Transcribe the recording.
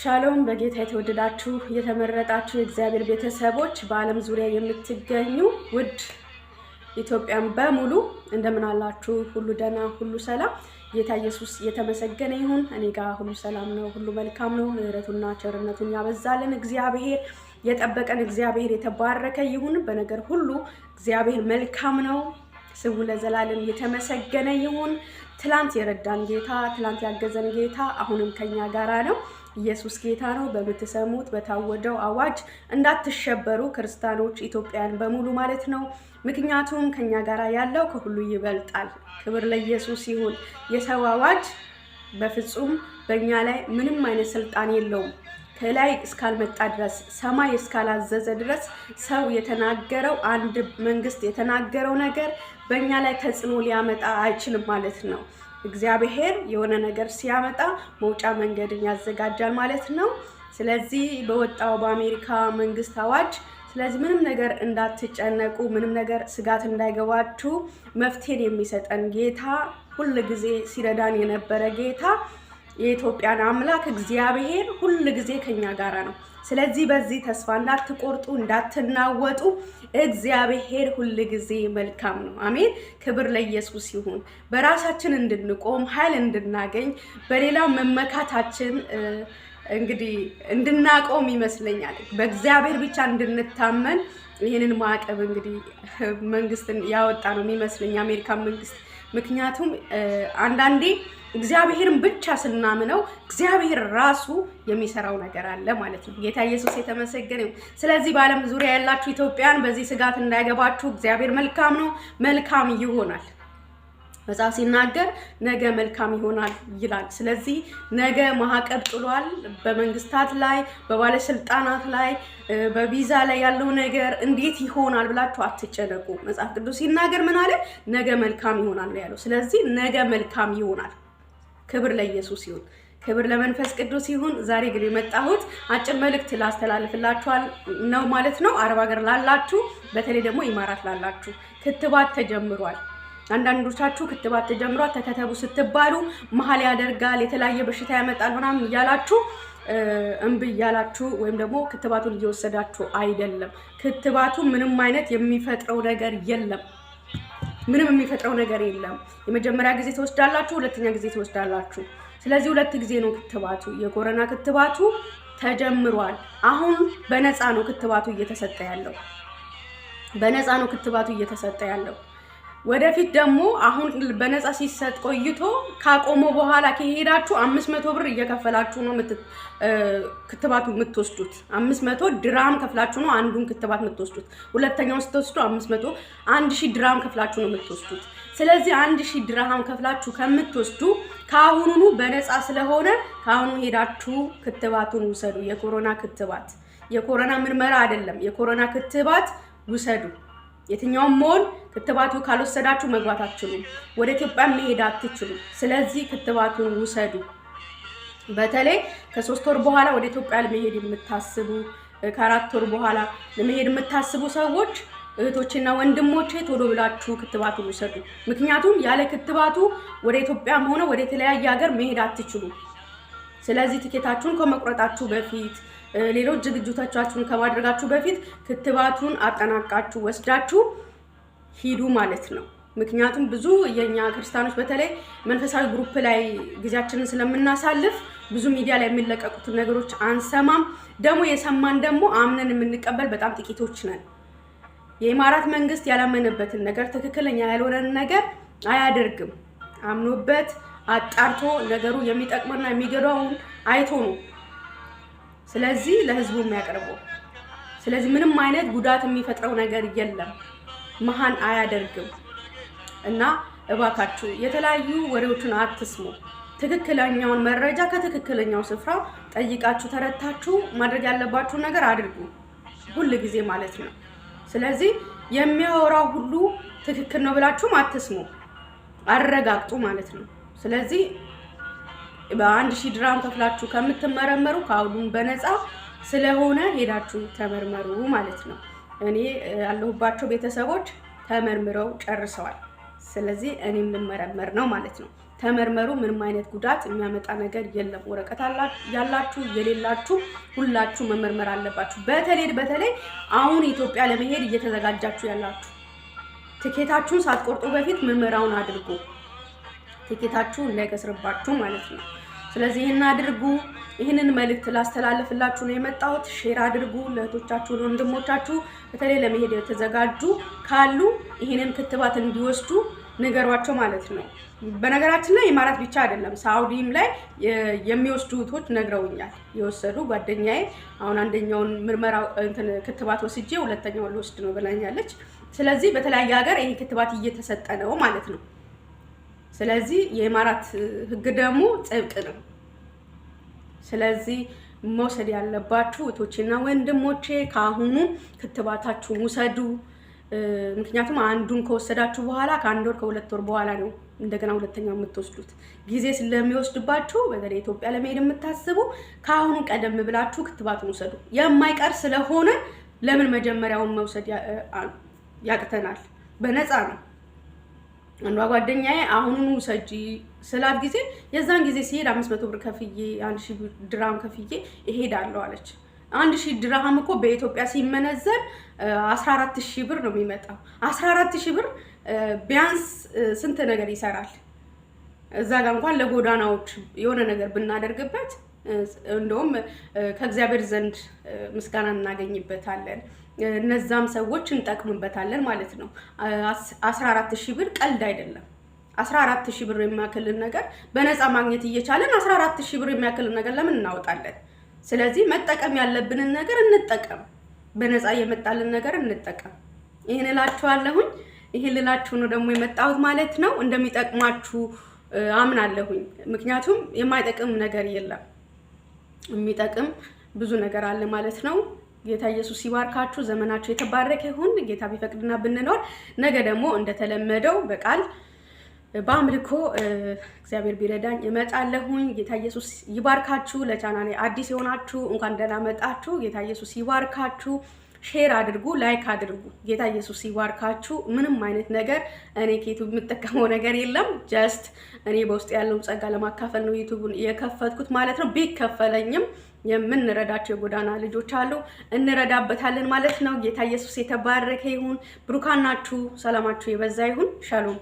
ሻሎም በጌታ የተወደዳችሁ የተመረጣችሁ የእግዚአብሔር ቤተሰቦች በዓለም ዙሪያ የምትገኙ ውድ ኢትዮጵያን በሙሉ እንደምን አላችሁ? ሁሉ ደህና፣ ሁሉ ሰላም። ጌታ ኢየሱስ የተመሰገነ ይሁን። እኔ ጋር ሁሉ ሰላም ነው፣ ሁሉ መልካም ነው። ምሕረቱና ቸርነቱን ያበዛልን እግዚአብሔር የጠበቀን እግዚአብሔር የተባረከ ይሁን። በነገር ሁሉ እግዚአብሔር መልካም ነው። ስሙ ለዘላለም የተመሰገነ ይሁን። ትላንት የረዳን ጌታ፣ ትላንት ያገዘን ጌታ አሁንም ከኛ ጋራ ነው። ኢየሱስ ጌታ ነው። በምትሰሙት በታወጀው አዋጅ እንዳትሸበሩ ክርስቲያኖች፣ ኢትዮጵያን በሙሉ ማለት ነው። ምክንያቱም ከኛ ጋር ያለው ከሁሉ ይበልጣል። ክብር ለኢየሱስ ይሁን። የሰው አዋጅ በፍጹም በእኛ ላይ ምንም አይነት ስልጣን የለውም። ከላይ እስካልመጣ ድረስ ሰማይ እስካላዘዘ ድረስ ሰው የተናገረው አንድ መንግስት የተናገረው ነገር በእኛ ላይ ተጽዕኖ ሊያመጣ አይችልም ማለት ነው። እግዚአብሔር የሆነ ነገር ሲያመጣ መውጫ መንገድን ያዘጋጃል ማለት ነው። ስለዚህ በወጣው በአሜሪካ መንግስት አዋጅ ስለዚህ ምንም ነገር እንዳትጨነቁ፣ ምንም ነገር ስጋት እንዳይገባችሁ መፍትሄን የሚሰጠን ጌታ ሁል ጊዜ ሲረዳን የነበረ ጌታ የኢትዮጵያን አምላክ እግዚአብሔር ሁል ጊዜ ከኛ ጋር ነው። ስለዚህ በዚህ ተስፋ እንዳትቆርጡ፣ እንዳትናወጡ። እግዚአብሔር ሁል ጊዜ መልካም ነው። አሜን። ክብር ለኢየሱስ ይሁን። በራሳችን እንድንቆም ኃይል እንድናገኝ በሌላው መመካታችን እንግዲህ እንድናቆም ይመስለኛል። በእግዚአብሔር ብቻ እንድንታመን ይህንን ማዕቀብ እንግዲህ መንግስትን ያወጣ ነው የሚመስለኝ አሜሪካን መንግስት ምክንያቱም አንዳንዴ እግዚአብሔርን ብቻ ስናምነው እግዚአብሔር ራሱ የሚሰራው ነገር አለ ማለት ነው። ጌታ ኢየሱስ የተመሰገነ ይሁን። ስለዚህ በዓለም ዙሪያ ያላችሁ ኢትዮጵያን በዚህ ስጋት እንዳይገባችሁ እግዚአብሔር መልካም ነው፣ መልካም ይሆናል። መጽሐፍ ሲናገር ነገ መልካም ይሆናል ይላል። ስለዚህ ነገ ማዕቀብ ጥሏል በመንግስታት ላይ፣ በባለስልጣናት ላይ፣ በቪዛ ላይ ያለው ነገር እንዴት ይሆናል ብላችሁ አትጨነቁ። መጽሐፍ ቅዱስ ሲናገር ምን አለ? ነገ መልካም ይሆናል ነው ያለው። ስለዚህ ነገ መልካም ይሆናል። ክብር ለኢየሱስ ይሁን፣ ክብር ለመንፈስ ቅዱስ ይሁን። ዛሬ ግን የመጣሁት አጭር መልእክት ላስተላልፍላችኋል ነው ማለት ነው። አረብ ሀገር ላላችሁ፣ በተለይ ደግሞ ኢማራት ላላችሁ ክትባት ተጀምሯል። አንዳንዶቻችሁ ክትባት ተጀምሯ ተከተቡ ስትባሉ መሀል ያደርጋል፣ የተለያየ በሽታ ያመጣል ምናምን እያላችሁ እምብ እያላችሁ ወይም ደግሞ ክትባቱን እየወሰዳችሁ አይደለም። ክትባቱ ምንም አይነት የሚፈጥረው ነገር የለም። ምንም የሚፈጥረው ነገር የለም። የመጀመሪያ ጊዜ ትወስዳላችሁ፣ ሁለተኛ ጊዜ ትወስዳላችሁ። ስለዚህ ሁለት ጊዜ ነው ክትባቱ። የኮረና ክትባቱ ተጀምሯል። አሁን በነፃ ነው ክትባቱ እየተሰጠ ያለው። በነፃ ነው ክትባቱ እየተሰጠ ያለው። ወደፊት ደግሞ አሁን በነፃ ሲሰጥ ቆይቶ ካቆመ በኋላ ከሄዳችሁ አምስት መቶ ብር እየከፈላችሁ ነው ክትባቱ የምትወስዱት። አምስት መቶ ድራም ከፍላችሁ ነው አንዱን ክትባት የምትወስዱት። ሁለተኛው ስትወስዱ አምስት መቶ አንድ ሺህ ድራም ከፍላችሁ ነው የምትወስዱት። ስለዚህ አንድ ሺህ ድራም ከፍላችሁ ከምትወስዱ ከአሁኑኑ በነፃ ስለሆነ ከአሁኑ ሄዳችሁ ክትባቱን ውሰዱ። የኮሮና ክትባት የኮሮና ምርመራ አይደለም፣ የኮሮና ክትባት ውሰዱ። የትኛውም መሆን ክትባቱ ካልወሰዳችሁ መግባት አትችሉም። ወደ ኢትዮጵያ መሄድ አትችሉ። ስለዚህ ክትባቱን ውሰዱ። በተለይ ከሶስት ወር በኋላ ወደ ኢትዮጵያ ለመሄድ የምታስቡ፣ ከአራት ወር በኋላ ለመሄድ የምታስቡ ሰዎች እህቶችና ወንድሞቼ ቶሎ ብላችሁ ክትባቱን ውሰዱ። ምክንያቱም ያለ ክትባቱ ወደ ኢትዮጵያም ሆነ ወደ የተለያየ ሀገር መሄድ አትችሉ። ስለዚህ ትኬታችሁን ከመቁረጣችሁ በፊት ሌሎች ዝግጅቶቻችሁን ከማድረጋችሁ በፊት ክትባቱን አጠናቃችሁ ወስዳችሁ ሂዱ ማለት ነው። ምክንያቱም ብዙ የኛ ክርስቲያኖች በተለይ መንፈሳዊ ግሩፕ ላይ ጊዜያችንን ስለምናሳልፍ ብዙ ሚዲያ ላይ የሚለቀቁትን ነገሮች አንሰማም። ደግሞ የሰማን ደግሞ አምነን የምንቀበል በጣም ጥቂቶች ነን። የኢማራት መንግስት ያላመነበትን ነገር ትክክለኛ ያልሆነን ነገር አያደርግም። አምኖበት አጣርቶ ነገሩ የሚጠቅመና የሚገዳውን አይቶ ነው ስለዚህ ለህዝቡ የሚያቀርበው ስለዚህ ምንም አይነት ጉዳት የሚፈጥረው ነገር የለም። መሀን አያደርግም እና እባካችሁ የተለያዩ ወሬዎችን አትስሙ። ትክክለኛውን መረጃ ከትክክለኛው ስፍራ ጠይቃችሁ ተረታችሁ ማድረግ ያለባችሁን ነገር አድርጉ፣ ሁል ጊዜ ማለት ነው። ስለዚህ የሚያወራው ሁሉ ትክክል ነው ብላችሁም አትስሙ፣ አረጋግጡ ማለት ነው። ስለዚህ በአንድ ሺህ ድራም ከፍላችሁ ከምትመረመሩ ከአሁኑም በነፃ ስለሆነ ሄዳችሁ ተመርመሩ ማለት ነው። እኔ ያለሁባቸው ቤተሰቦች ተመርምረው ጨርሰዋል። ስለዚህ እኔ የምመረመር ነው ማለት ነው። ተመርመሩ። ምንም አይነት ጉዳት የሚያመጣ ነገር የለም። ወረቀት ያላችሁ የሌላችሁ ሁላችሁ መመርመር አለባችሁ። በተለይ በተለይ አሁን ኢትዮጵያ ለመሄድ እየተዘጋጃችሁ ያላችሁ ትኬታችሁን ሳትቆርጡ በፊት ምርመራውን አድርጎ ትኬታችሁ እንዳይከስርባችሁ ማለት ነው። ስለዚህ ይህን አድርጉ። ይህንን መልእክት ላስተላልፍላችሁ ነው የመጣሁት። ሼር አድርጉ ለእህቶቻችሁ፣ ለወንድሞቻችሁ በተለይ ለመሄድ የተዘጋጁ ካሉ ይህንን ክትባት እንዲወስዱ ንገሯቸው ማለት ነው። በነገራችን ላይ የማራት ብቻ አይደለም ሳውዲም ላይ የሚወስዱ እህቶች ነግረውኛል። የወሰዱ ጓደኛዬ አሁን አንደኛውን ምርመራ ክትባት ወስጄ ሁለተኛውን ልወስድ ነው ብላኛለች። ስለዚህ በተለያየ ሀገር ይህ ክትባት እየተሰጠ ነው ማለት ነው። ስለዚህ የኢማራት ህግ ደግሞ ጥብቅ ነው። ስለዚህ መውሰድ ያለባችሁ እህቶቼና ወንድሞቼ ከአሁኑ ክትባታችሁን ውሰዱ። ምክንያቱም አንዱን ከወሰዳችሁ በኋላ ከአንድ ወር ከሁለት ወር በኋላ ነው እንደገና ሁለተኛው የምትወስዱት ጊዜ ስለሚወስድባችሁ፣ በተለይ ኢትዮጵያ ለመሄድ የምታስቡ ከአሁኑ ቀደም ብላችሁ ክትባቱን ውሰዱ። የማይቀር ስለሆነ ለምን መጀመሪያውን መውሰድ ያቅተናል? በነፃ ነው። አንዷ ጓደኛዬ አሁኑኑ ሰጂ ስላት ጊዜ የዛን ጊዜ ሲሄድ አምስት መቶ ብር ከፍዬ አንድ ሺህ ድርሃም ከፍዬ እሄዳለሁ አለች። አንድ ሺ ድርሃም እኮ በኢትዮጵያ ሲመነዘር አስራ አራት ብር ነው የሚመጣው። አስራ አራት ሺ ብር ቢያንስ ስንት ነገር ይሰራል። እዛ ጋር እንኳን ለጎዳናዎች የሆነ ነገር ብናደርግበት እንደውም ከእግዚአብሔር ዘንድ ምስጋና እናገኝበታለን። እነዛም ሰዎች እንጠቅምበታለን ማለት ነው። 14 ሺህ ብር ቀልድ አይደለም። 14 ሺህ ብር የሚያክልን ነገር በነፃ ማግኘት እየቻለን 14 ሺህ ብር የሚያክልን ነገር ለምን እናወጣለን? ስለዚህ መጠቀም ያለብንን ነገር እንጠቀም። በነፃ የመጣልን ነገር እንጠቀም። ይህን እላችኋለሁኝ። ይህን ልላችሁ ነው ደግሞ የመጣሁት ማለት ነው። እንደሚጠቅማችሁ አምናለሁኝ። ምክንያቱም የማይጠቅም ነገር የለም፣ የሚጠቅም ብዙ ነገር አለ ማለት ነው። ጌታ ኢየሱስ ይባርካችሁ። ዘመናችሁ የተባረከ ይሁን። ጌታ ቢፈቅድና ብንኖር ነገ ደግሞ እንደተለመደው በቃል በአምልኮ እግዚአብሔር ቢረዳኝ እመጣለሁኝ። ጌታ ኢየሱስ ይባርካችሁ። ለቻናሌ አዲስ የሆናችሁ እንኳን ደህና መጣችሁ። ጌታ ኢየሱስ ይባርካችሁ። ሼር አድርጉ፣ ላይክ አድርጉ። ጌታ ኢየሱስ ይባርካችሁ። ምንም አይነት ነገር እኔ ከዩቱብ የምጠቀመው ነገር የለም። ጀስት እኔ በውስጥ ያለውን ጸጋ ለማካፈል ነው ዩቱቡን የከፈትኩት ማለት ነው። ቢከፈለኝም የምንረዳቸው የጎዳና ልጆች አሉ፣ እንረዳበታለን ማለት ነው። ጌታ ኢየሱስ የተባረከ ይሁን። ብሩካናችሁ፣ ሰላማችሁ የበዛ ይሁን። ሻሎም